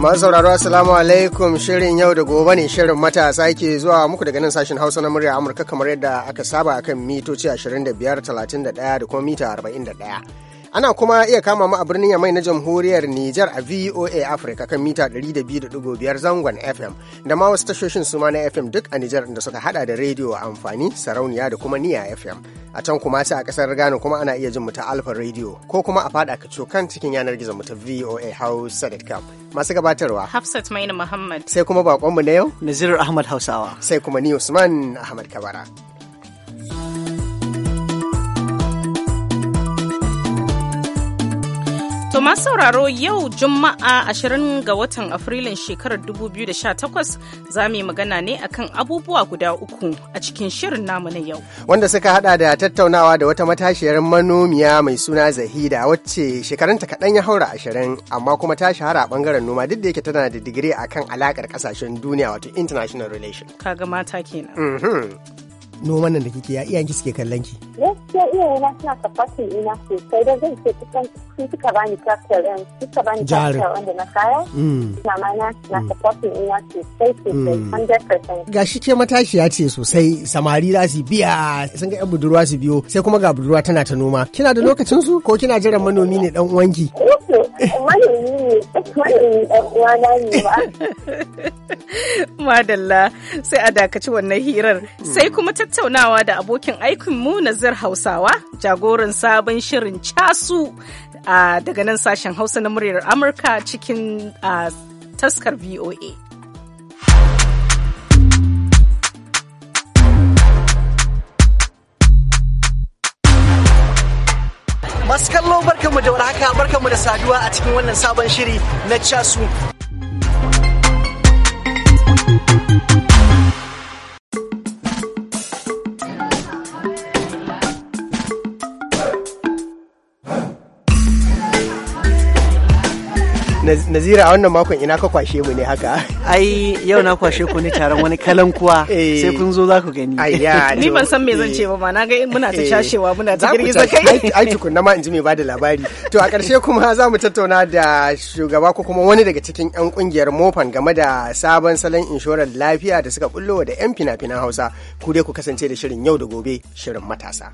masu sauraro assalamu alaikum shirin yau da gobe ne shirin matasa ke zuwa muku daga nan sashen hausa na murya amurka kamar yadda aka saba akan mitoci 25 31 da kuma mita 41 Ana kuma iya kama mu a birnin Yamai na Jamhuriyar Nijar a VOA Africa kan mita 200.5 zangon FM da ma wasu tashoshin suma na FM duk a Nijar da suka hada da rediyo amfani, sarauniya da kuma niya FM. A can kuma sai a kasar Ghana kuma ana iya jin mu ta Alfa Radio ko kuma a fada kan cikin yanar gizo mu ta VOA Hausa.com. Masu gabatarwa Hafsat Maina Muhammad. Sai kuma bakonmu na yau Nazir Ahmad Hausawa. Sai kuma ni Usman Ahmad Kabara. To sauraro yau Juma'a 20 ga watan Afrilun shekarar 2018 za mu yi magana ne akan abubuwa guda uku a cikin shirin namu na yau. Wanda suka hada da tattaunawa da wata matashiyar manomiya mai suna Zahida wacce shekarunta kaɗan ya haura 20 amma kuma ta shahara a ɓangaren noma duk da yake tana da digiri akan alakar ƙasashen duniya wato international relation. Kaga mata kenan. Mhm. noman nan da kike ya iyayen ki suke kallon ki gaskiya iyaye na suna kafatin ina sosai da zan ce kusan sun suka bani tractor ɗin suka bani tractor wanda na kaya mm. ma na na kafatin mm. ina sosai sosai 100% mm. gashi ke matashiya ce sosai samari za su biya sun ga yan budurwa su biyo sai kuma ga budurwa tana ta noma kina da lokacin su ko kina jiran manomi ne dan uwanki eh, Madalla sai a dakaci wannan hirar sai hmm. kuma tattaunawa da abokin aikinmu Nazir Hausawa jagoran sabon shirin casu daga nan sashen Hausa na muryar Amurka cikin taskar VOA. masu kallo barkanmu da warhaka barkanmu da saduwa a cikin wannan sabon shiri na casu nazira a wannan makon ina ka kwashe mu ne haka ai yau na kwashe ku ne taron wani kalan kuwa eh. sai kun zo za ku gani ni ban san me zan ce ba ma na ga muna ta eh. shashewa muna ta girgiza kai ai tukunna ma in ji mai bada labari to a ƙarshe kuma za mu tattauna da shugaba ko kuma wani daga cikin yan kungiyar mofan game da sabon salon inshorar lafiya da suka bullo da yan fina-finan hausa ku dai ku kasance da shirin yau da gobe shirin matasa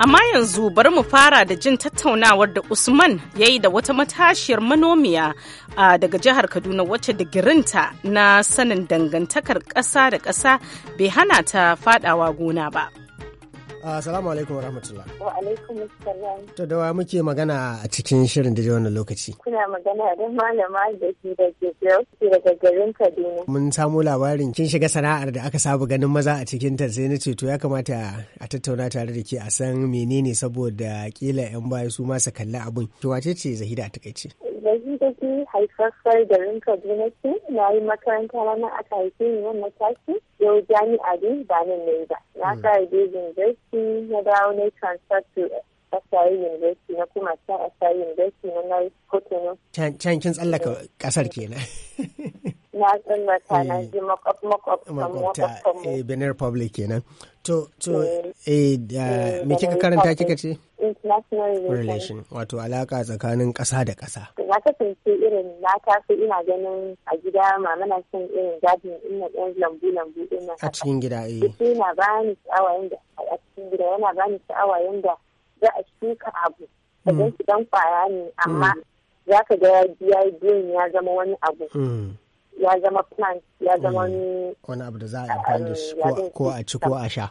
Amma yanzu bari mu fara da jin tattaunawar da Usman ya yi da wata matashiyar manomiya daga jihar Kaduna wacce digirinta na sanin dangantakar ƙasa da ƙasa bai hana ta faɗawa gona ba. Assalamu alaikum wa rahmatullah. Wa alaikum assalam. To da wa muke magana a cikin shirin da wannan lokaci? Kuna magana da malama da ke da ke daga garin Kaduna. Mun samu labarin kin shiga sana'ar da aka saba ganin maza a cikin ta sai na ce to ya kamata a tattauna tare da ke a san menene saboda kila yan baya su ma su kalli abin. Ki wace ce Zahida a takaice? Zahida ce haifaffar da Kaduna ce, na yi makaranta na nan aka haife ni nan mataki, yau jami'a ne ba nan ne yi ba. Na kare dai university na dawo na transfer to Asari University na kuma can Asari University na na Kotono. Can kin tsallaka kasar kenan. na tsammata na eh. ji makwabtan eh, benin republic kenan to to eh, eh me kika karanta kika ce international relation wato alaka tsakanin ƙasa da ƙasa na kasance irin na taso ina ganin a gida ma. mana son irin gadin ina ɗan lambu lambu ina a cikin gida eh yana bani sha'awa yanda a cikin gida yana bani sha'awa yanda za a shuka abu ka dan mm. kwaya ne amma mm. za ka ga ya biya ya zama wani abu mm. ya zama plant ya zama mm. mm. wani abu da za a amfani da shi ko a ci ko a sha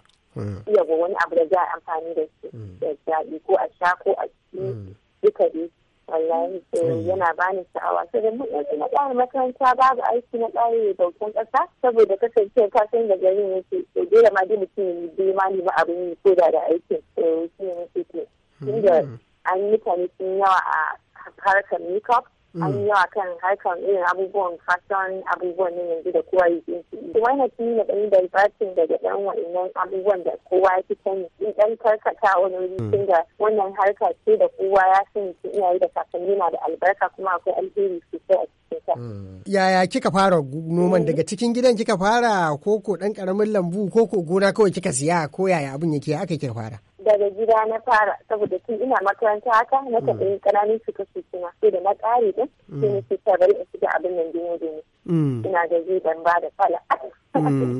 yawa wani abu da za a amfani da shi da shaɗi ko a sha ko a ci mm. duka dai wallahi eh, yana bani sha'awa sai da mun yanzu na ƙara makaranta babu aiki na ƙare bautan ƙasa saboda kasance ka san da garin yake to dole ma dai mutum bai ma nemi abin yi ko da da aikin to shi ne mutum ke tunda an yi mutane sun yawa a harkar makeup abubuwa yawa kan harkar irin abubuwan fashion abubuwan ne yanzu da kowa yi ɗin su kuma yana ci na ɗan dalbacin daga ɗan wa'innan abubuwan da kowa ya fi sani in ɗan karkata wani wuri da wannan harka ce da kowa ya sani iya yi da kakanni na da albarka kuma akwai alheri sosai a cikin Yaya kika fara noman daga cikin gidan kika fara koko ɗan ƙaramin lambu koko gona kawai kika siya ko yaya abin yake aka kika fara? daga gida na fara saboda tun ina makaranta haka na taɓa yin mm. ƙananan shuke su na sai da na ƙari din mm. sai na ce bari in shiga abin nan gini gini mm. ina da zai ban ba da fala sai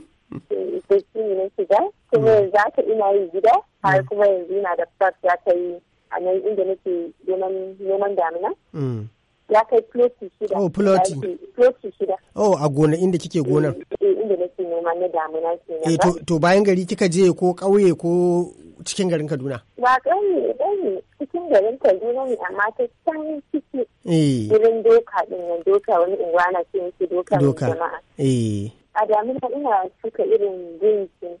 eh, shi ne na shiga kuma yanzu haka ina yin gida har kuma yanzu ina da fat ya kai a nan inda nake neman damina ya kai ploti shida. Oh, ploti. Ploti shida. Oh, a gona inda kike gonar. Eh, eh inda nake noma na damuna kenan. Eh, to bayan gari kika je ko ƙauye ko cikin garin Kaduna? Ba ƙauye ƙauye cikin garin Kaduna ne amma ta can ciki. Eh. Wurin doka ɗin nan doka wani unguwa na ce yake doka jama'a. Eh. A damina ina shuka irin ginki.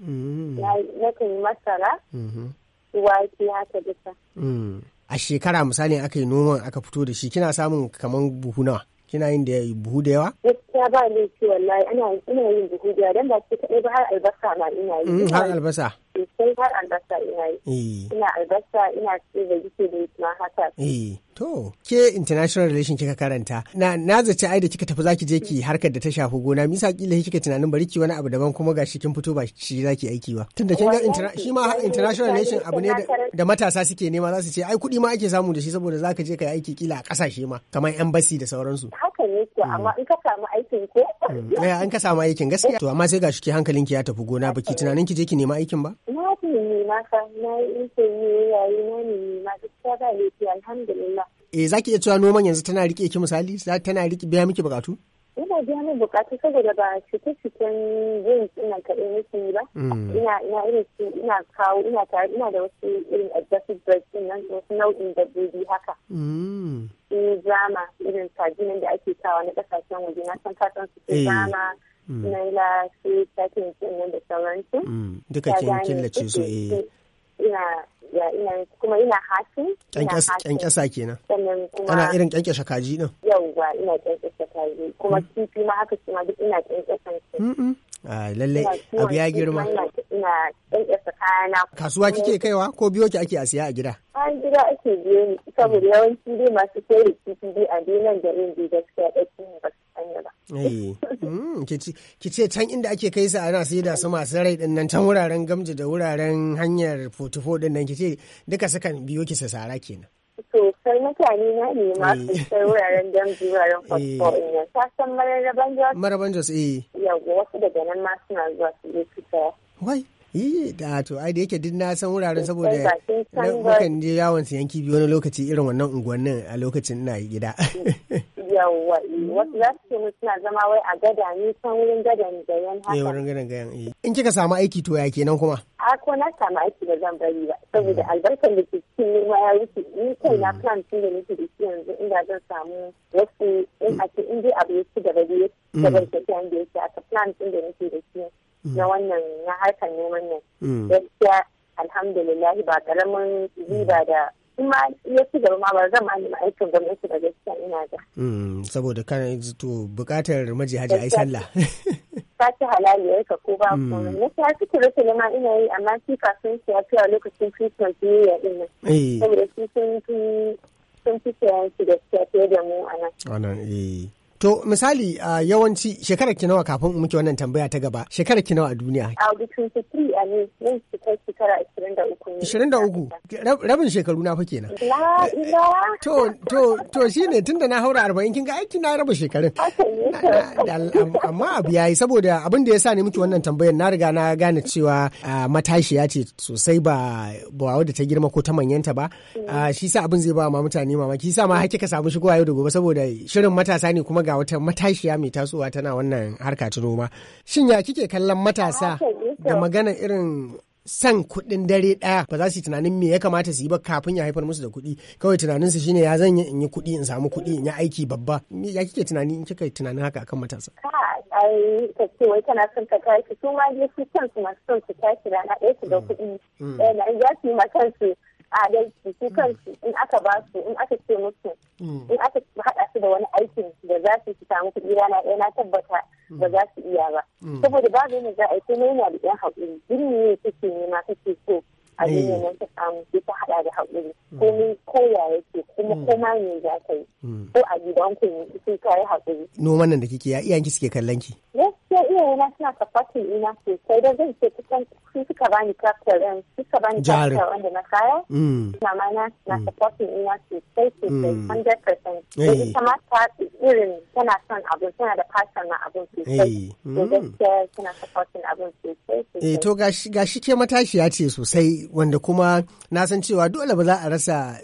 Mm. Na kan yi masara. Mm-hmm. Wake haka duka. Mm. A shekara misali aka yi noman aka fito da shi kina samun kaman buhu nawa? kina yin da buhu da yawa? Gaskiya ba ni laifi wallahi ana ina yin buhu da yawa dan ba su kaɗai ba har albasa ma ina yi. Mm, har albasa. Sai har albasa ina yi. Eh. Ina albasa ina ce da gike ma haka. Eh. To, ke international relation kika karanta. Na na zace ai da kika tafi zaki je ki harkar da ta shafi gona. Misa kila kika tunanin bari ki wani abu daban kuma gashi kin fito ba shi zaki aiki ba. Tunda kin ga shi ma international relation abu ne da matasa suke nema za su ce ai kuɗi ma ake samu da shi saboda zaka je kai aiki kila a ƙasashe ma kamar embassy da sauransu. Haka ne ko mm. amma in ka samu aikin ko? Mm. Eh an ka samu aikin gaskiya. To amma sai gashi ki hankalinki ya tafi gona baki tunanin ki je ki nema aikin ba? na nemi ma ka na yi yayi na yi ma gaskiya ba laifi alhamdulillah eh zaki iya cewa noman yanzu tana rike ki misali tana rike biya miki bukatu ina biya min bukatu saboda ba cike-ciken jin ina kaɗai nake yi ba mm. ina ina irin su ina kawo ina tare ina da wasu irin adjusted bread din nan wasu nau'in dabbobi haka in mm. zama irin kaji da ake kawo na ƙasashen waje na san fatan su zama. Eh. Mm. naila su sakin mm. kin nan da sauransu. Duka kin killace su eh. Ina ya ina kuma ina hasin. Kyankyasa kenan. Sannan kuma. Ana irin kyankyasa kaji din. Yawwa ina kyankyasa kaji kuma mm. kifi ma haka shi ma duk ina kyankyasan su. Ah, lallai abu ya girma Kasuwa kike kaiwa ko biyo ki ake a siya a gida? Bayan gida ake biyo ni saboda yawanci dai masu sayar da kifi dai a nan da in da gaskiya ɗaki ne ba su sanya ba. Eh, hmm, ki ce can inda ake kai sa ana sai da su masu rai din nan can wuraren gamji da wuraren hanyar fotofo din nan ki ce duka sukan biyo ki sasara kenan. sosai mutane na ne ma sosai wuraren damji wuraren fasfo eh. in yan sasan mararaban jos maraban jos eh yawa wasu daga nan ma suna zuwa su je fita wai Yi eh, da to ai da yake duk na san wuraren saboda mukan je yawon siyan kibi wani lokaci irin wannan unguwannin a lokacin ina gida. Yawwa eh, wasu za su ce suna zama wai a gada ni san wurin gadan gayan haka. Eh wurin gadan gayan eh. In kika samu aiki to ya kenan kuma? a ko na samu aiki da zan bari ba saboda mm. albarkar da ke cikin nema ya wuce ni mm. kai na plan tun da nake da shi yanzu inda zan samu wasu in a ce in abu ya ci gaba da ya ci gaba da ya yanda a aka plan tun da nake da shi mm. na wannan na harkar neman nan gaskiya alhamdulillah ba karamin riba da kuma ya ci gaba ma ba zan ma nemi aikin gwamnati ba gaskiya ina da. saboda kan to bukatar maji hajji a sallah. ka ci halaliyar ka ko ba hmm. ko na ta ci kira sulema ina yi amma shi ka sun ya fi a lokacin Christmas New Year din nan. Eh. Saboda su sun fi sun fi sayan su da su fiye da mu a nan. A nan eh. To misali a uh, yawanci shekarar ki nawa kafin muke wannan tambaya ta gaba shekarar ki nawa a duniya? A 23 a ne shekara 23. 23 rabin shekaru na fa kenan. To to to shine tunda na haura 40 kin ga aiki na raba shekarun. Amma abu yayi saboda abin da ya sa ne muke wannan tambayar na riga na gane cewa matashiya ce sosai ba ba wadda ta girma ko ta manyanta ba. Mm. Shi sa abin zai ba ma mutane mamaki sa ma haƙƙi ka samu shigowa yau da gobe saboda shirin matasa ne kuma ga ga wata matashiya mai tasowa tana wannan harka ta noma shin ya kike kallon matasa da magana irin san kuɗin dare ɗaya ba za su yi tunanin me ya kamata su yi ba kafin ya haifar musu da kuɗi kawai tunaninsu shine ya zan yi in yi kuɗi in samu kuɗi in yi aiki babba ya kike tunani in kika tunanin haka akan matasa ai ka ce wai kana son ka tashi su ma dai su kansu masu son su tashi rana ɗaya su da mm. kuɗi mm. Eh, na za su yi ma kansu adalci su mm. kansu in aka ba su in aka ce musu mm. in aka haɗa su da wani aikin da za su fita muku kuɗi rana ɗaya na tabbata mm. ba za su iya ba saboda babu yana za a yi kuma yana da ɗan haƙuri duk ne kake nema kake so a eh. duniya nan ta samu sai ta haɗa da haƙuri komai koya yake kuma koma ne za ka yi ko a gidanku ne sai ka yi haƙuri noman nan da kike ya iyayenki suke kallon ki gaskiya iyayena suna supporting ina sosai don zan ce kusan su bani ɗin suka na kaya da to mm. eh, ke matashiya ce sosai wanda kuma na san cewa dole ba za a rasa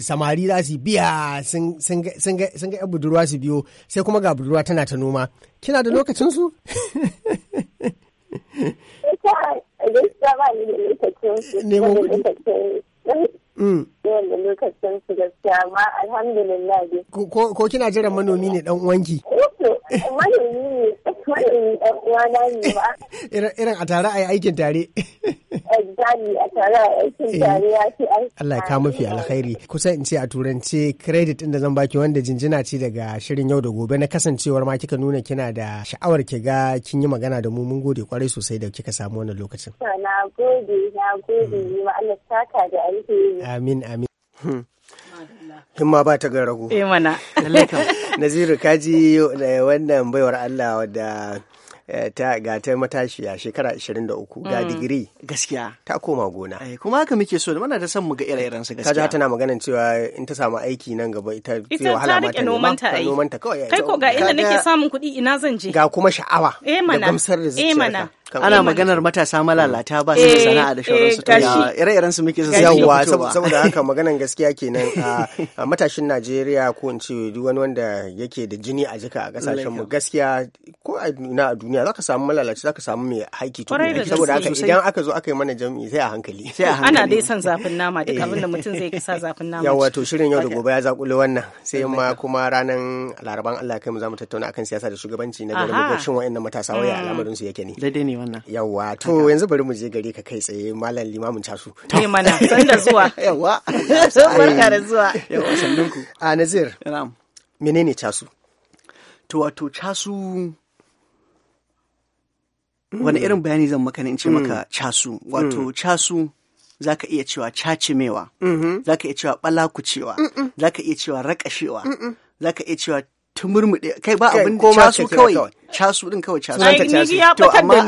samari za su biya sun ga budurwa su biyo sai kuma ga budurwa tana ta noma Kina da lokacin su? Gaskiya ba ni da lokacin su. Yawan da lokacin su gaskiya amma alhamdulillah dai. Ko kina jiran manomi ne dan uwanki? Eh manomi ne manomi dan uwana ne ba. Irin a tare a yi aikin tare. Exactly a tare a aikin eh. tare ya ce Allah ya kawo mafi alkhairi. Kusan in ce a turance credit ɗin da zan baki wanda jinjina ce daga shirin yau da gobe na kasancewar ma kika nuna kina da sha'awar ki ga kin yi magana da mu mun gode kwarai sosai da kika samu wannan lokacin. Na gode na gode mm. ma Allah saka da aiki. amin amin hmm. himma ba ta ga rago eh mana naziru kaji eh, wannan baiwar Allah wadda Eh, ta ga ta matashiya shekara 23 ga mm. digiri gaskiya ta koma gona eh, kuma haka muke so da muna da san mu ga ire-iren su gaskiya kaja tana maganan cewa in ta samu aiki nan gaba ita zai wahala ma ta noman ta noman ta kawai kai ko ga inda nake samun kuɗi ina zan je ga kuma sha'awa eh, da gamsar da zuciya ana maganar matasa malalata ba su da sana'a da shauransu to ire-iren su muke su yawa saboda haka maganar gaskiya kenan a matashin Najeriya ko in ce duk wani wanda yake da jini a jika a kasashen mu gaskiya ko a duniya duniya ka samu malalaci ka samu mai haiki tukuna saboda haka idan aka zo aka yi mana jami'i sai a hankali ana dai son zafin nama duk eh. abin da mutum zai kasa zafin nama yawa to shirin yau da gobe ya zakulo wannan sai ma kuma ranar laraban Allah kai mu mu tattauna akan siyasa da shugabanci na gari mu shin wa'annan matasa waya ah. al'amarin su yake ne daidai ne wannan yawa to yanzu bari mu je gare ka kai tsaye malam limamin casu ne eh, mana san da zuwa yawa barka da zuwa yawa sannunku a ah, nazir menene casu to wato casu wani mm. irin bayani zan maka in ce mm. maka casu wato mm. casu za ka iya cewa cacimewa mm-hmm. za ka iya cewa balakucewa za ka iya cewa rakashewa za ka iya cewa tumurmuɗe kai ba abin casu kawai casu din kawai casu ta casu to amma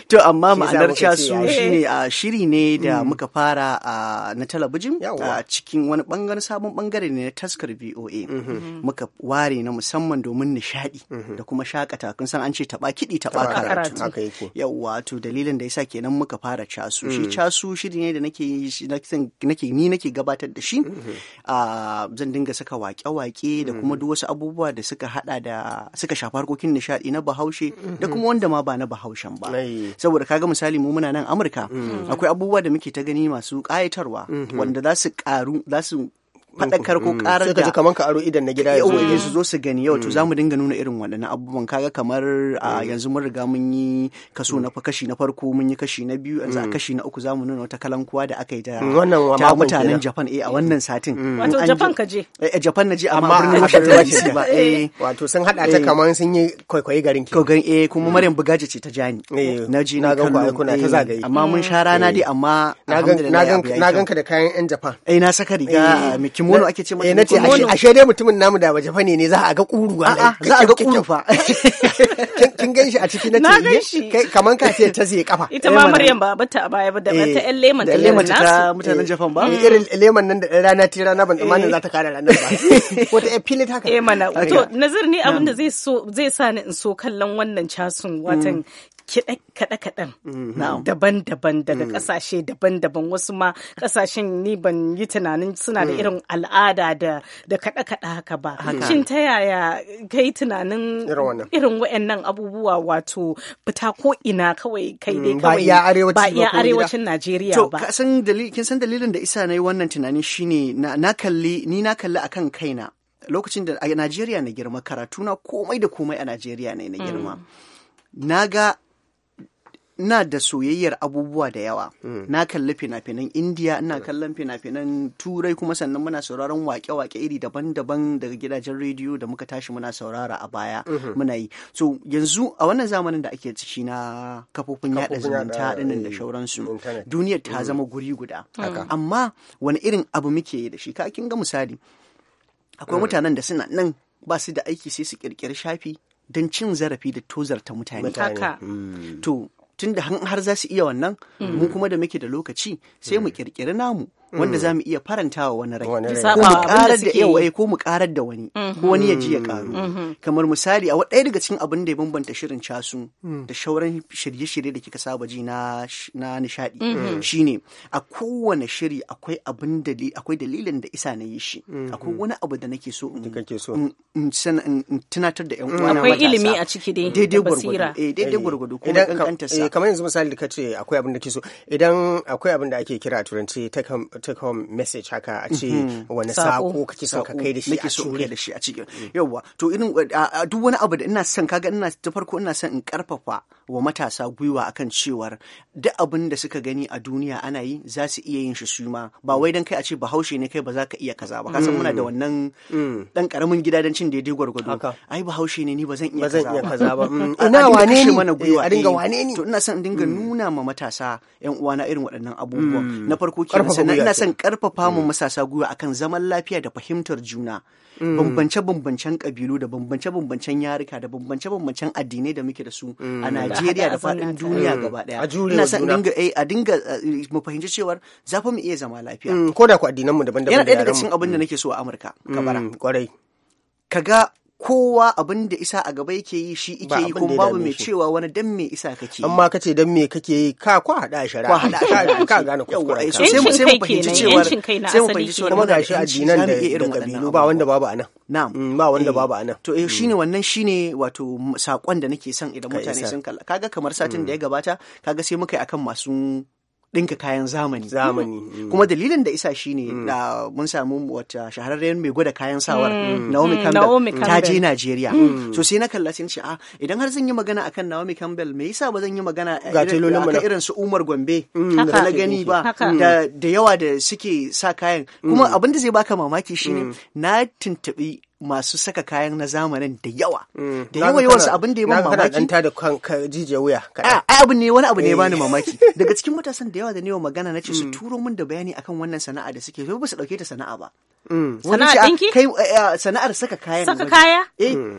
to amma ma'anar casu shine a ah, shiri ne da mm. muka fara a ah, na talabijin a ah, cikin wani bangare sabon bangare ne na taskar B.O.A. Mm-hmm. Mm-hmm. muka ware na musamman domin nishadi mm-hmm. da kuma shakata kun san an ce taba kidi taba karatu yawa to dalilin da yasa kenan muka fara casu shi mm. casu shiri ne da nake nake ni nake gabatar da shi zan dinga saka wake-wake da mm. kuma duk wasu abubuwa da suka hada da da suka shafi harkokin nishaɗi na bahaushe da mm-hmm. kuma wanda ma ba na bahaushen ba saboda kaga misali mu muna nan amurka mm-hmm. akwai abubuwa da muke ta gani masu ƙayatarwa mm-hmm. wanda za su ƙaru za su faɗakar ko karar mm. da sai ka kaman ka aro idan na gida yau su zo su gani yau to mm. zamu dinga nuna irin waɗannan abubuwan kaga kamar a mm. yanzu mun riga mun yi kaso na kashi na farko mun yi kashi na biyu yanzu a kashi na uku zamu nuna wata kalankuwa da aka yi da wa mutanen Japan eh a wannan satin wato Japan ka je eh, eh Japan na je amma birnin Washington DC ba eh. eh wato sun hada ta eh. kaman sun yi kwaikwayi garin ki gan eh kuma Maryam Bugaje ce ta jani na ji na ga kuna ta zagaye amma mun sha rana dai amma na ganka da kayan yan Japan eh na saka riga Mickey kimono ake ce eh, mata. Eh nace ashe dai mutumin namu da ba fane ne za a ga kuru a Za a ga kuru fa. Kin shi a ciki nace kai kaman ka ce ta zai kafa. Ita ma Maryam ba bata a baya ba da ta ɗan lemon ta lemon ta mutanen Japan ba. Irin lemon nan da rana ta rana ban tsammanin za ta kare ranar ba. ta ƴan filit haka. Eh mana to nazar ne abin da zai so zai sa ni in so kallon wannan casun watan kaɗe-kaɗen mm-hmm. daban-daban daga mm. ƙasashe daban-daban wasu ma ƙasashen ni ban yi tunanin suna da mm. irin al'ada da kaɗe-kaɗe haka ba shin ta yaya kai tunanin irin waɗannan abubuwa wato fita ko ina kawai kai dai mm, kawai ba iya arewacin Najeriya ba kin san dalilin da isa na yi wannan tunanin shine na kalli ni na kalli akan kaina lokacin da a Najeriya na girma karatu na komai da komai a Najeriya ne na girma na ga Ina da soyayyar abubuwa da yawa hmm. na kalli fina-finan indiya ina hmm. kallon fina-finan turai kuma sannan muna sauraron wake-wake iri daban-daban daga gidajen rediyo da muka tashi muna saurara a baya hmm. muna yi so yanzu a wannan zamanin da ake ciki na kafofin yada zumunta dinnan da eh, shauransu duniyar ta zama guri guda amma wani irin abu muke yi da shi ka kin ga misali akwai mutanen da suna nan ba su da aiki sai su kirkiri shafi don cin zarafi da tozarta mutane. To, tunda har za su iya wannan mu mm. kuma da muke da lokaci sai mu kirkiri mm. namu wanda mm. za mu iya farantawa wani rai ko mu karar da yawa ko mu karar da wani ko mm-hmm. wani ya ji ya karu mm-hmm. kamar misali a ɗaya daga cikin abin da ya bambanta shirin casu mm. da shauran shirye-shirye da kika saba ji na nishadi mm-hmm. mm. shine a kowane shiri akwai abin akwai dalilin da isa na yi shi akwai wani abu da nake so in tunatar da yan uwana akwai ilimi a ciki dai daidai gwargwado eh daidai eh, gwargwado ko kankanta sa eh, kamar yanzu misali da kace akwai abin da kike so idan akwai abin da ake kira a turanci take home message haka a ce mm-hmm. wani sako kake son ka kai da shi a cikin da shi a cikin yawwa to irin duk wani abu da ina son kaga ina ta farko ina son in karfafa wa matasa gwiwa akan cewar duk abin da suka gani a duniya ana yi za su iya yin shi su ma ba wai dan kai a ce bahaushe ne kai ba za ka iya kaza ba kasan muna da mm. wannan mm. dan karamin gidadancin dai gwargwado ai bahaushe ne ni ba zan iya kaza ba mm. ina wane ne a dinga eh, wane ne to ina son in dinga nuna ma matasa yan uwana irin waɗannan abubuwan na farko kenan sannan ina son karfafa mu matasa gwiwa akan zaman lafiya da fahimtar juna bambance-bambancen kabilu da bambance-bambancen yarika da bambance-bambancen addinai da muke da su a Najeriya Najeriya da faɗin duniya mm. gaba ɗaya. A jure Ina son dinga eh, a dinga eh, mu fahimci cewar za fa mu iya zama lafiya. Mm, ko da ku addinan mu daban-daban da yaran mu. Yana ɗaya daga cikin abin da mm. nake so a Amurka. Kabara. Kwarai. Kaga kowa abin da isa a gaba yake yi shi ike yi kuma babu mai cewa wani dan me isa kake yi amma kace dan me kake yi ka kwa hada shara kwa hada shara ka gane kuskuren sai mu sai mu fahimci cewa sai mu fahimci cewa kuma gashi addinan da da kabilu ba wanda babu anan na'am mm, ba wanda eh. babu anan to eh mm. shine wannan shine wato sakon da nake son idan mutane sun kalla kaga kamar satin da mm. ya gabata kaga sai muka yi akan masu ɗinka kayan zamani. Zamani. Hmm. Hmm. Kuma dalilin da isa shine ne hmm. mun samu wata shahararren mai gwada kayan sawar Naomi Campbell ta je Najeriya. So sai na kalla sai ce a ah, idan har zan yi magana akan Naomi Campbell me yasa ba zan yi magana eh, a irin su Umar Gombe da na gani ba da yawa da suke sa kayan. Kuma abin da zai baka mamaki shine na tuntuɓi masu saka kayan na zamanin da yawa mm. da yawa yawan su abin da ya ban mamaki dan ta da kan jije wuya Ai abu ne wani abu ne eh. bani mamaki daga cikin matasan da yawa da ne magana na ce su mm. turo min da bayani akan wannan sana'a da suke ba su dauke ta sana'a ba mm. sana'a dinki ah, kai eh, eh, sana'ar saka kayan saka kaya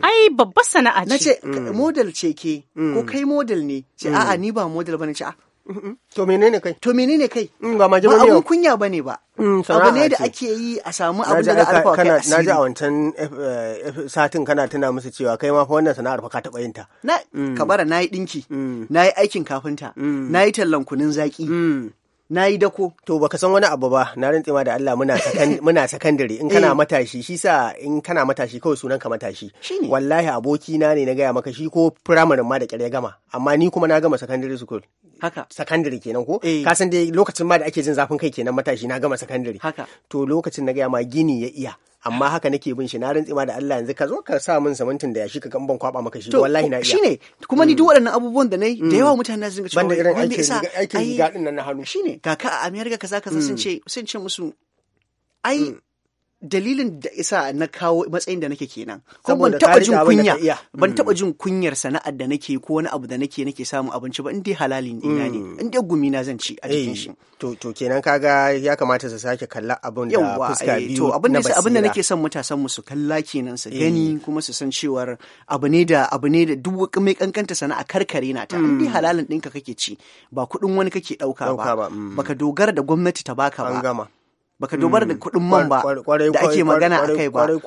ai babbar sana'a ce Na ce model ce ke ko kai model ne ce a'a ni ba model bane ce a ah, To menene kai? To menene kai? Mm, ba ma Ba abun kunya bane ba. Mm, abu ne da ake yi a samu abu da alfa a kai asiri. Na ji a wancan eh, satin kana tuna musu cewa kai ma fa wannan sana'ar fa ka taɓa yin ta. Na mm. kabara na yi ɗinki, na yi aikin kafinta, na yi tallan kunun zaki. na yi dako to baka san wani abu ba na rantse ma da Allah muna sakandare in kana eh. matashi shi sa in kana matashi kawai sunan ka matashi wallahi aboki na ne na gaya maka shi ko primary ma da ya gama amma ni kuma na gama secondary school haka secondary kenan ko eh. ka san dai lokacin ma da ake jin zafin kai kenan matashi na gama secondary haka to lokacin na gaya ma gini ya iya amma haka nake bin shi na rantsi ma da Allah yanzu ka zo ka sa min samantin da yashi ka kan ban kwaba maka shi wallahi na iya shine kuma ni mm. duk waɗannan abubuwan da nayi da yawa mutane sun ga cewa banda irin aikin riga din nan na hannu shine kaka a America kaza kaza sun mm. ce sun ce musu ai mm. dalilin da isa na kawo matsayin da nake kenan ko ban taba jin kunya ban taba jin kunyar sana'ar da nake ko wani abu da nake nake samu abinci ba in dai halalin ina ne mm. in dai gumi na zan ci a jikin eh, shi to to kenan kaga ya kamata su sake kalla abin da fuska eh, biyu to abin da abin da nake son matasan mu su kalla kenan su gani eh. kuma su san cewar abu ne da abu ne da duk mai kankanta sana'a karkare na ta in dai mm. halalin ɗinka kake ci ba kuɗin wani kake ɗauka ba mm. baka dogara da gwamnati ta baka ba baka dubar da mm. kuɗin man ba da ake magana a kai ba to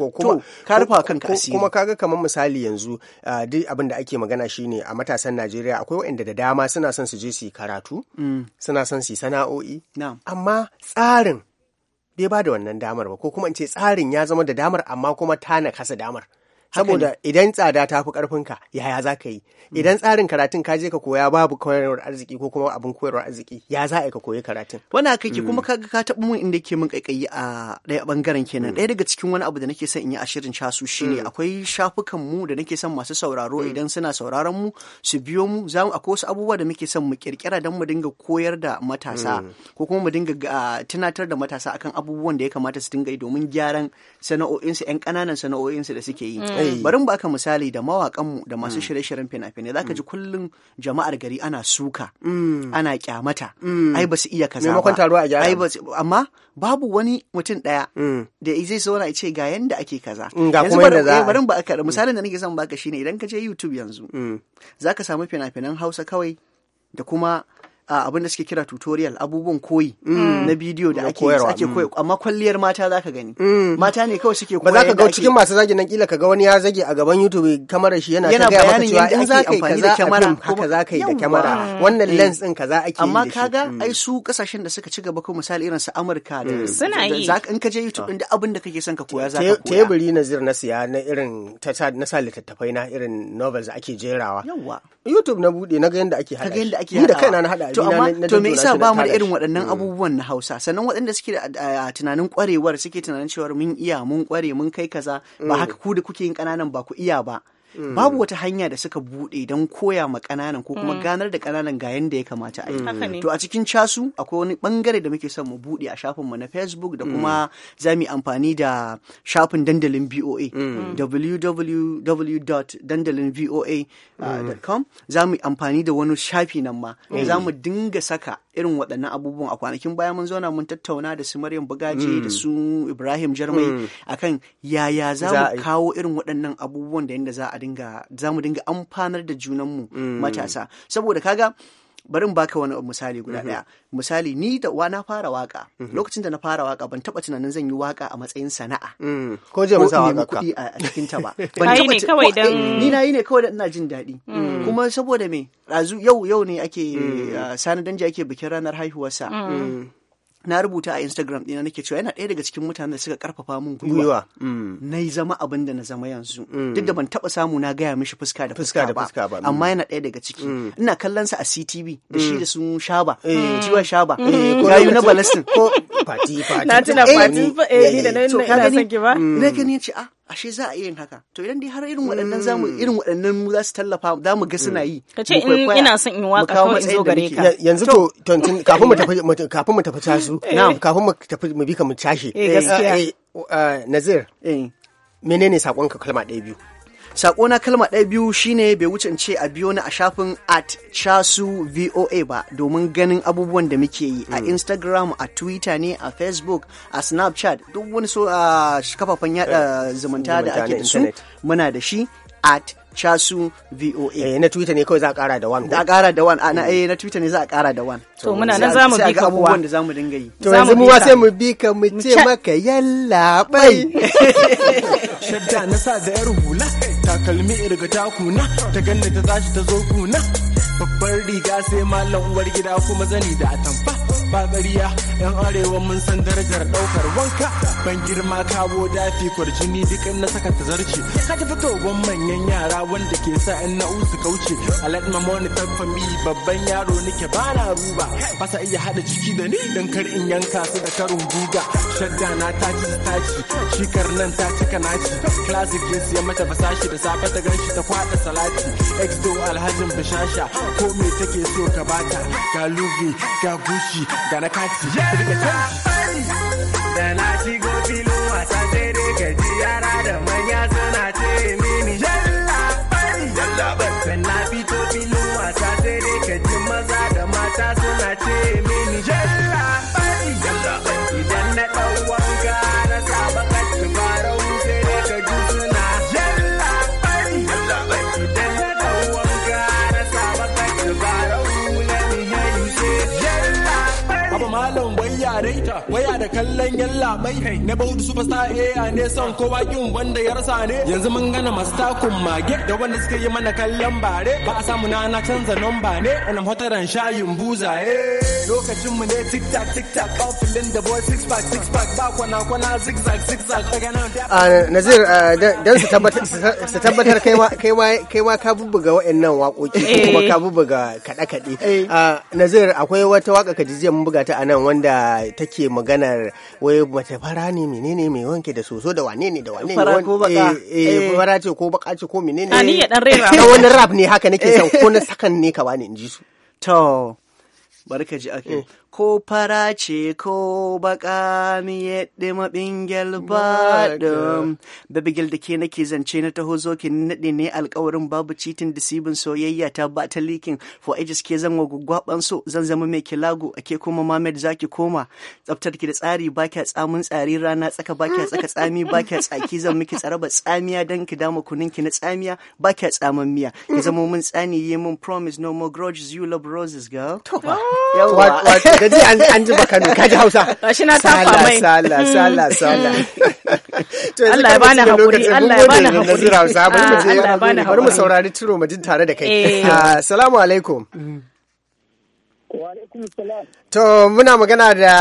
ka rufa kanka asiri kuma kaga kamar misali yanzu ah, duk abin da ake magana shine a matasan Najeriya akwai waɗanda da dama suna son su je su karatu mm. suna son su sana'o'i amma tsarin bai ba da wannan damar ba ko kuma in ce tsarin ya zama da damar amma kuma ta na kasa damar saboda idan tsada ta fi karfinka yaya za ka yi mm. idan tsarin karatun ka je ka koya babu koyarwar arziki ko kuma abin koyarwar arziki ya za a ka koyi karatun aka ke mm. kuma kaga ka taɓa mun inda ke mun kaikayi a ɗaya bangaren kenan mm. ɗaya daga cikin wani abu da nake son in yi a shirin casu shine akwai shafukan mu da nake son masu sauraro idan suna sauraron mu su biyo mu za mu akwai wasu abubuwa da muke son mu kirkira don mu dinga koyar da matasa ko kuma mu dinga tunatar da matasa akan abubuwan da ya kamata su dinga yi domin gyaran sana'o'insu 'yan ƙananan sana'o'insu da suke yi eh, Eh, bari mu baka misali da mawakanmu da masu mm. shirye-shiryen fina-finai zaka ji mm. kullum jama'ar gari ana suka mm. ana kyamata ai ba su iya kaza ba ai ba amma babu wani mutum daya da zai so na ce ga yanda ake kaza yanzu eh, bari mu baka misalin da nake son baka shine idan ka je YouTube yanzu zaka samu fina-finan Hausa kawai da kuma abin da suke kira tutorial abubuwan koyi mm, hmm. na bidiyo da ake ake hmm. koyi amma kwalliyar mata za ka gani hmm. mata ne kawai suke koyi ba za ka ga cikin masu zagi nan kila ka ga wani ya zage a gaban YouTube kamar shi yana ta ga maka cewa in za ka yi da kyamara haka eh. za ka yi da kyamara wannan lens din kaza ake yi amma kaga ai su kasashen da suka ci gaba ko misali irin su Amurka da suna yi in ka je YouTube din ah. duk abin da kake son ka koya za ka koya teburi na zir na siya na irin ta na sa littattafai na irin novels ake jerawa YouTube na bude na ga yanda ake hada ni da kaina na hada to amma to me yasa ba mu da irin waɗannan mm. abubuwan na Hausa sannan waɗanda suke a tunanin kwarewar suke tunanin cewa mun iya mun kware mun kai kaza ba mm. haka ku da kuke yin kananan ba ku iya ba Mm. babu wata hanya da suka bude don koya ma kananan ko kuma mm. ganar da kananan ga yanda ya kamata a yi mm. to a cikin casu akwai wani bangare da muke son mu bude a shafin mu na facebook da kuma za mu amfani da shafin dandalin BOA www.dandalinvoa.com za mu amfani da wani shafi nan ma za mu dinga saka irin waɗannan abubuwan a kwanakin baya mun zauna mun tattauna da su Maryam Bugaje da su Ibrahim Jarmai akan yaya za mu kawo irin waɗannan abubuwan da yadda za a dinga za mu dinga amfanar da junanmu mm. matasa saboda kaga bari baka wani misali guda daya mm-hmm. misali ni da wa na fara waka mm-hmm. lokacin da na fara waka ban taba tunanin zan yi waka a matsayin sana'a mm. ko je masa waka kuɗi a cikin ta ba ban taba kawai dan eh, ni na yi ne kawai da ina jin daɗi mm. kuma saboda me razu yau yau ne ake eh, sanadanji ake bikin ranar haihuwarsa na rubuta a Instagram ɗina nake cewa yana ɗaya daga cikin mutanen da suka karfafa min gwiwa mm. na yi zama abin da na zama yanzu mm. duk da ban taɓa samu na gaya mishi fuska da fuska ba mm. amma yana ɗaya daga ciki ina kallon sa a CTV da shi da sun shaba eh. jiwa shaba gayu eh, na Balasin ko fati fati na tuna eh, fati eh da na ina son ki ba na gani ce ah ashe za a iya yin haka to idan dai har irin waɗannan za mu hmm. irin waɗannan mu za su tallafa za mu ga suna yi ka ce in ina son in waka kawai in zo gare ka yanzu to kafin mu tafi kafin mu tafi tasu eh. kafin mu tafi mu bi ka mu tashi eh gaskiya eh, eh, nazir menene sakon ka kalma ɗaya biyu sako na kalma ɗaya biyu shine bai wuce ce a biyo ni a shafin at chasu voa ba domin ganin abubuwan da muke yi a hmm. instagram a twitter ne a facebook a snapchat duk wani so a kafafen eh, yada zumunta da ake da su muna da shi at chasu voa eh, na twitter ne kawai za a kara da one a kara da one na hmm. eh na twitter ne za a kara da one to muna nan zamu bi ka abubuwan da mu dinga yi to yanzu mu sai mu bi ka mu ce maka yalla bai shadda na sa da yar hula takalmi irga takuna ta ganda ta tashi ta zo kuna babbar riga sai malam uwar gida kuma zani da atamfa babariya yan arewa mun san darajar ɗaukar wanka ban girma kawo dafi kwarjini duk in na saka ta zarce ka ta fitowar manyan yara wanda ke sa in na usu kauce alat mamoni tafami babban yaro nake na ruba Ba basa iya hada ciki da ni dan kar in yanka su da karin guga shadda na ta ci ta ci shikar nan ta cika naci classic ya mata fasashi da safe ta ganshi ta kwada salati exdo alhajin bishasha ko me take so ka bata ga luvi ga gushi da na kati yana san da na shigo filo a sadere gajiyara da da kallon yalla mai na baudu superstar a ne son kowa kin wanda ya rasa ne yanzu mun gana takun mage da wanda suka yi mana kallon bare ba a samu na na canza nomba ne ana hotaran shayin buzaye lokacin mu ne tik tak tik tak ofilin da boy six pack six pack ba kwana kwana zig zag daga nan a ah, nazir ah, dan su tabbatar su tabbatar kai ma kai ma kai ma ka bubbuga waɗannan waƙoƙi kuma ka bubbuga kaɗe kaɗe eh. ah, nazir akwai wata waka ka jijiya mun buga ta anan wanda take magana kamar wai mace fara ne menene mai wanke da soso da wane ne da wane ne fara ko baka eh, eh, eh fara ce ko baka ce ko menene ne ya dan rera ta wani rap ne haka nake son eh. ko na sakan ne ka bani in ji su to barka ji ake ko fara ce ko baka mi yadda mabingel baɗin babigil da ke nake zance na taho zo ki ne alkawarin babu citin sibin soyayya ta ba ta likin for ages ke zan gwaggwaban so zan zama mai kilago ake kuma mamed zaki koma tsaftar ki da tsari ba kya tsamin tsari rana tsaka ba a tsaka tsami ba kya tsaki zan miki tsaraba tsamiya dan ki dama kunin ki na tsamiya ba kya tsaman miya ki zama mun tsani yi mun promise no more grudges you love roses girl da ji an ji baka ka ji hausa shi na tafa mai sala hmm. sala sala hmm. to ah, Allah ya bani hakuri Allah ya bani hakuri hausa bari mu je bari mu saurari turo majin tare da kai eh. assalamu ah, alaikum wa alaikum to muna magana da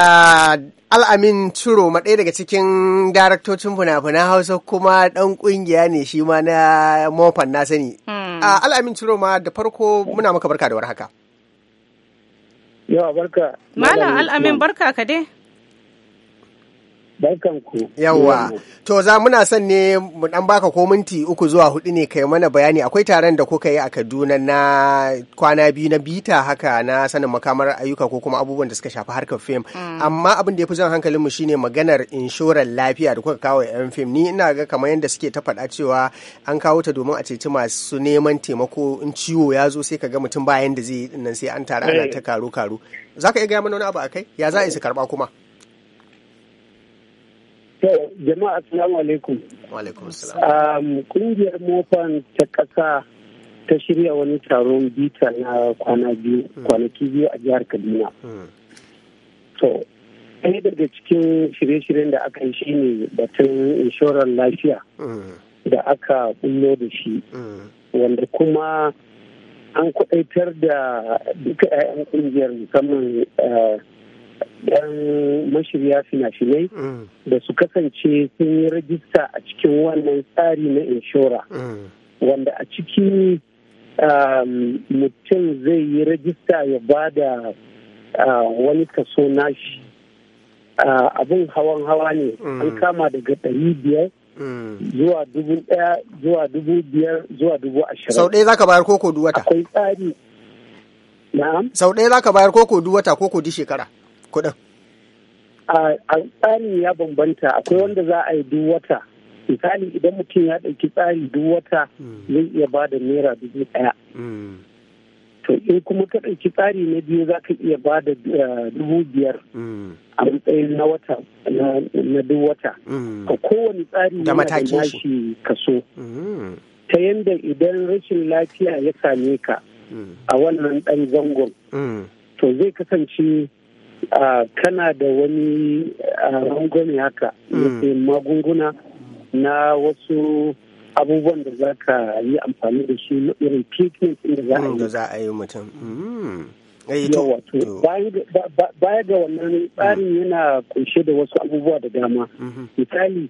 al'amin turo ma ɗaya daga cikin daraktocin fina-finan hausa kuma ɗan ƙungiya ne shi ma na mofan na sani hmm. ah, al'amin turo ma da farko muna maka barka da warhaka Yawa barka. Malam Al'amin barka ka dai. Yawwa, to za muna son ne mu dan baka ko minti uku zuwa hudu ne kai mana bayani akwai taron da kuka yi a Kaduna na kwana biyu na bita haka na sanin makamar ayyuka ko kuma abubuwan da suka shafi harkar fim. Mm. Amma abin da ya fi zan hankalin mu shine maganar inshoran lafiya da kuka kawo yan fim. Ni ina ga kamar yadda suke ta faɗa cewa an kawo ta domin a ceci masu neman taimako in ciwo ya zo sai ka ga mutum bayan da zai yi nan sai an tara ana eh. ta karo karo. Za ka iya gaya mana wani abu a kai Ya za a su karɓa kuma? jama'a assalamu alaikum. Wa alaikum um, Kungiyar Mofan ta ƙasa ta shirya wani taron bita na kwana biyu hmm. kwanaki biyu a jihar Kaduna. Hmm. To, ɗaya daga cikin shirye-shiryen da aka yi shi shine batun inshorar lafiya hmm. da aka kullo da shi. Wanda kuma an kwaɗaitar da duka 'ya'yan kungiyar musamman eh, yan mashirya fina mm. da su kasance sun yi rajista a cikin wannan tsari na inshora mm. wanda a ciki um, mutum zai yi rajista ya ba da uh, wani kaso nashi uh, abin hawan hawa ne mm. an kama daga ɗari biyar zuwa dubu ɗaya zuwa dubu biyar zuwa dubu ashirin sau ɗaya za ka bayar koko duwata akwai tsari na'am sau ɗaya za ka bayar koko duwata koko di shekara kuɗin? A tsari ya bambanta akwai wanda za a yi duk Misali idan mutum ya ɗauki tsari duk wata hmm. zai iya ba da naira dubu ɗaya. Hmm. To in kuma ka ɗauki tsari na biyu za ka iya ba da eh, dubu biyar hmm. a matsayin na wata na duk A kowane tsari yana da shi kaso. Ta yanda idan rashin lafiya ya same ka a wannan ɗan zangon. To zai kasance kana da wani rangwame haka hmm. yake magunguna na wasu abubuwan da za ka yi amfani da shi na irin treatment da za a yi hmm, mutum hmm. eh, baya ga wannan tsarin yana kunshe da wasu abubuwa da dama misali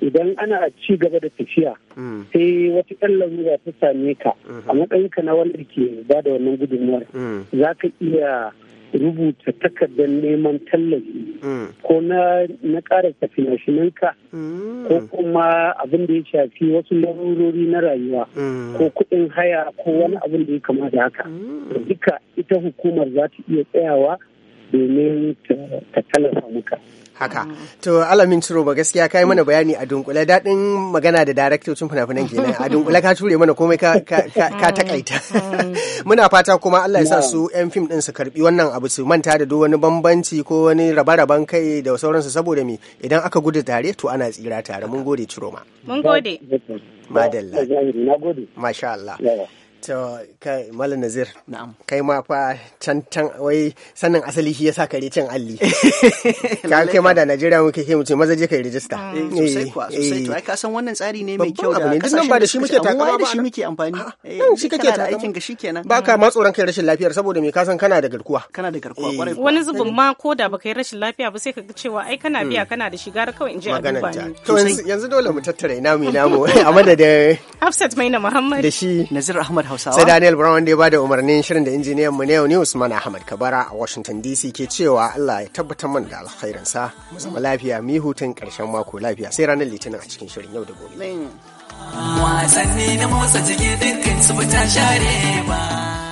idan ana ci gaba da tafiya sai wata ɗan larura ta same ka a matsayinka na wanda ke ba da wannan gudunmuwar za ka iya rubuta takardar neman tallafi mm. ko na ƙara finafinanka mm. ko kuma abin da ya shafi wasu larurori na rayuwa mm. ko kuɗin haya ko wani abin da ya kama da haka duka ita hukumar za ta iya tsayawa domin ta tallafa muka. Haka, to alamin ciro ba gaskiya ka yi mana bayani a dunkule daɗin magana da daraktocin fina-finan kenan a dunkule ka ture mana komai ka takaita. Muna fata kuma Allah ya sa su 'yan fim ɗin su karbi wannan abu su manta da duk wani bambanci ko wani raba-raban kai da sauransu saboda mi idan aka gudu tare to ana tsira tare mun gode ciro ma. Mun gode. Madalla. Masha Allah. To kai Malam Nazir. Na'am. Kai ma fa can can wai sanin asali shi yasa kare cin alli. Ka kai ma da Najeriya muke ke mutum maza je kai rijista. Mm, sosai kuwa eh, sosai to eh. ai ka san wannan tsari ne mai kyau da kasashen ba da shi muke takawa ba shi muke amfani. Eh shi kake ta aikin ga shikenan. Ba ka mm. ma tsoron kai rashin lafiyar saboda me ka san kana da garkuwa. Kana da garkuwa kwarai. Eh. Wani zubin ma ko da baka yi rashin lafiya ba sai ka ga cewa ai kana biya mm. kana a duba To dole mu tattara ina mu ina mu Ahmad Hausawa. Sai Daniel Brown da ya bada umarnin shirin da injiniyan mu yau ne Usman Ahmad Kabara a Washington DC ke cewa Allah ya tabbatar mana da alkhairinsa. Mu zama lafiya mu hutun karshen mako lafiya sai ranar Litinin a cikin shirin yau da gobe. Wasanni na motsa jiki dukkan su fita share ba.